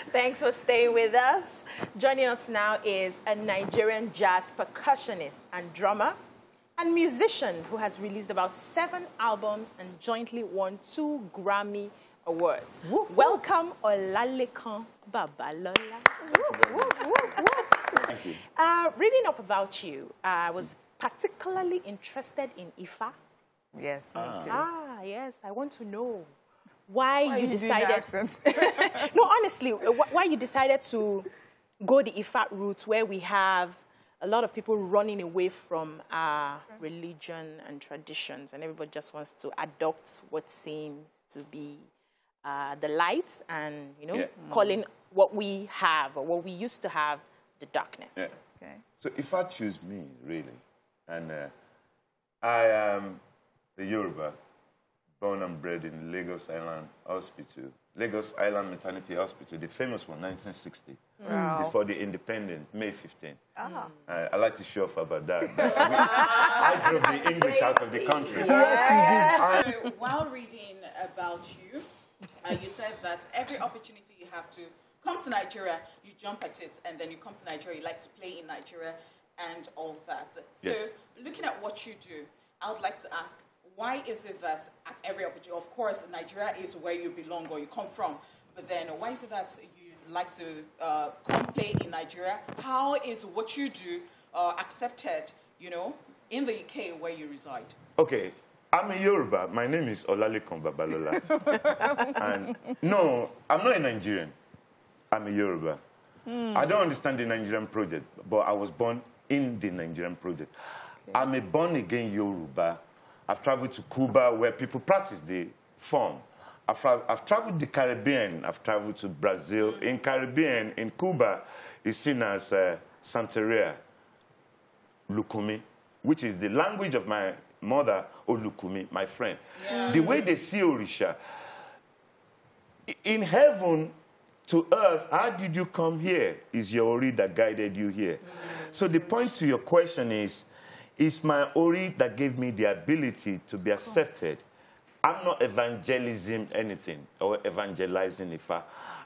Thanks for staying with us. Joining us now is a Nigerian jazz percussionist and drummer and musician who has released about seven albums and jointly won two Grammy Awards. Woo, Welcome, Olalekan Babalola. Thank you. Uh, reading up about you, I was particularly interested in Ifa. Yes, me ah. too. Ah, yes, I want to know why, why you decided. no, honestly, why you decided to go the Ifat route where we have a lot of people running away from our religion and traditions, and everybody just wants to adopt what seems to be uh, the light and, you know, yeah. Mm-hmm. calling what we have or what we used to have the darkness. Yeah. Okay. So if I choose me, really, and uh, I am the Yoruba, born and bred in Lagos Island Hospital, Lagos Island Maternity Hospital, the famous one, 1960, wow. before the independence, May 15. Oh. Uh, I like to show off about that. I, drove the English out of the country. Yes, you did. So, while reading about you, uh, you said that every opportunity you have to come to Nigeria, you jump at it, and then you come to Nigeria, you like to play in Nigeria, and all that. So, yes. looking at what you do, I would like to ask, why is it that at every opportunity, of course, Nigeria is where you belong or you come from, but then why is it that you like to uh, come play in Nigeria? How is what you do uh, accepted, you know, in the UK where you reside? Okay, I'm a Yoruba. My name is Olalekan Babalola. and no, I'm not a Nigerian. I'm a Yoruba. Hmm. I don't understand the Nigerian project, but I was born in the Nigerian project. Okay. I'm a born again Yoruba I've traveled to Cuba where people practice the form. I've, I've traveled the Caribbean. I've traveled to Brazil. Mm. In Caribbean, in Cuba, it's seen as uh, Santeria, Lukumi, which is the language of my mother, Olukumi, my friend. Yeah. The way they see Orisha, in heaven to earth, how did you come here? Is your Ori that guided you here? Mm -hmm. So the point to your question is, it's my ori that gave me the ability to be accepted. I'm not evangelism anything or evangelizing if I,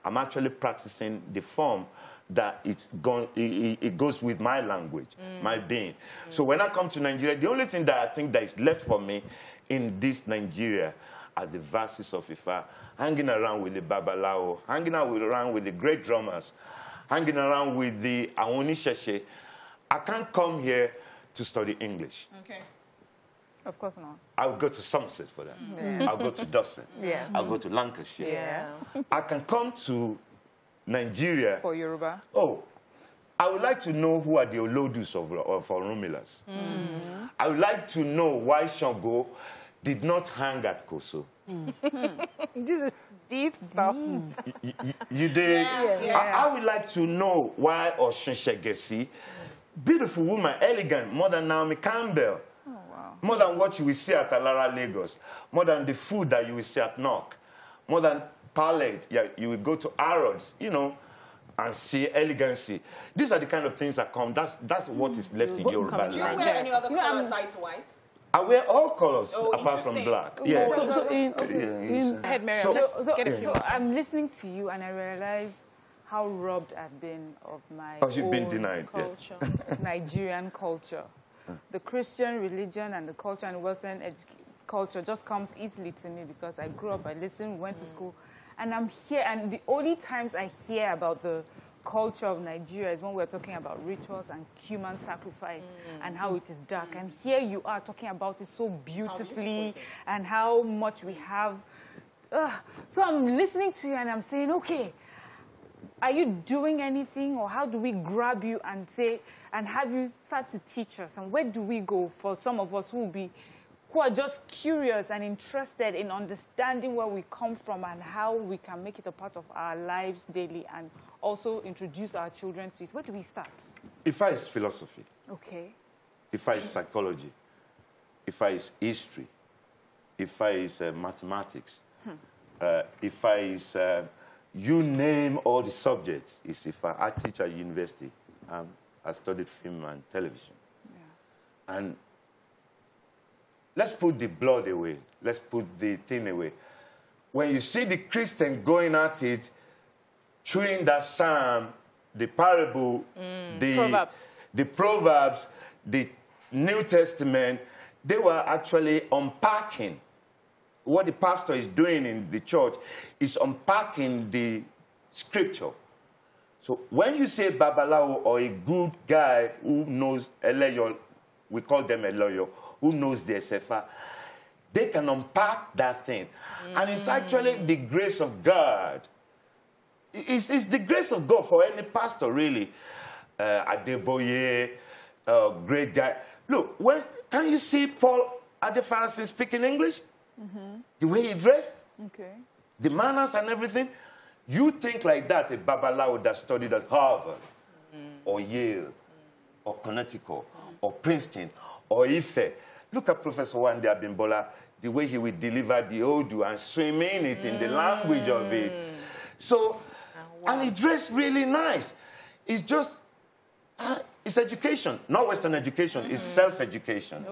I'm actually practicing the form that it's gone, it, it goes with my language, mm. my being. Mm. So when I come to Nigeria, the only thing that I think that is left for me in this Nigeria are the verses of Ifa, hanging around with the Babalao, hanging around with the great drummers, hanging around with the Aonisheshe. I can't come here to study English. Okay. Of course not. I'll go to Somerset for that. Mm. Yeah. I'll go to Dorset. Yes. I'll go to Lancashire. Yeah. I can come to Nigeria. For Yoruba. Oh, I would like to know who are the Olodus of, of Orunmilas. Mm. I would like to know why Shango did not hang at Koso. Mm. this is deep stuff. Deep. You, you, you did? Yeah. Yeah. I, I, would like to know why Oshun Shegesi beautiful woman, elegant, more than Naomi Campbell. Oh, wow. More than what you will see at Alara, Lagos. More than the food that you will see at Knock. More than Palette. Yeah, you will go to Harrods, you know, and see elegancy. These are the kind of things that come. That's, that's what is left in your land. Do you wear any other color besides white? I wear all colors oh, apart from black. Yes. So, so in, okay. yeah, in, head Mary, so, so, so, yeah. so I'm listening to you and I realize how robbed I've been of my oh, own denied, culture, yeah. Nigerian culture. The Christian religion and the culture and Western culture just comes easily to me because I grew up, I listened, went to mm. school, and I'm here. And the only times I hear about the culture of Nigeria is when we're talking about rituals and human sacrifice mm. and how it is dark. Mm. And here you are talking about it so beautifully how and how much we have. Uh, so I'm listening to you and I'm saying, okay, are you doing anything or how do we grab you and say, and have you start to teach us? And where do we go for some of us who will be, who are just curious and interested in understanding where we come from and how we can make it a part of our lives daily and also introduce our children to it? Where do we start? I is philosophy. Okay. I is psychology. I is history. I is uh, mathematics. Hmm. Uh, is... Uh, you name all the subjects. It's if I teach at university. Um, I studied film and television. Yeah. And let's put the blood away. Let's put the thing away. When you see the Christian going at it, chewing that psalm, the parable, mm, the, proverbs. the proverbs, the New Testament, they were actually unpacking what the pastor is doing in the church is unpacking the scripture. So when you say Babalawo or a good guy who knows a lawyer, we call them a lawyer, who knows the SFR, they can unpack that thing. Mm. And it's mm. actually the grace of God. It's, it's, the grace of God for any pastor, really. Uh, Adeboye, uh, great guy. Look, when, can you see Paul Adefarasin speaking English? Mm-hmm. The way he dressed, okay. the manners and everything. You think like that, a Babalawo that studied at Harvard, mm. or Yale, mm. or Connecticut, or Princeton, or Ife. Look at Professor Wande Abimbola, the way he would deliver the Odu and swimming it in the language of it. Mm. So, oh, wow. and he dressed really nice. It's just, uh, it's education, not Western education, it's mm-hmm. self-education. Okay.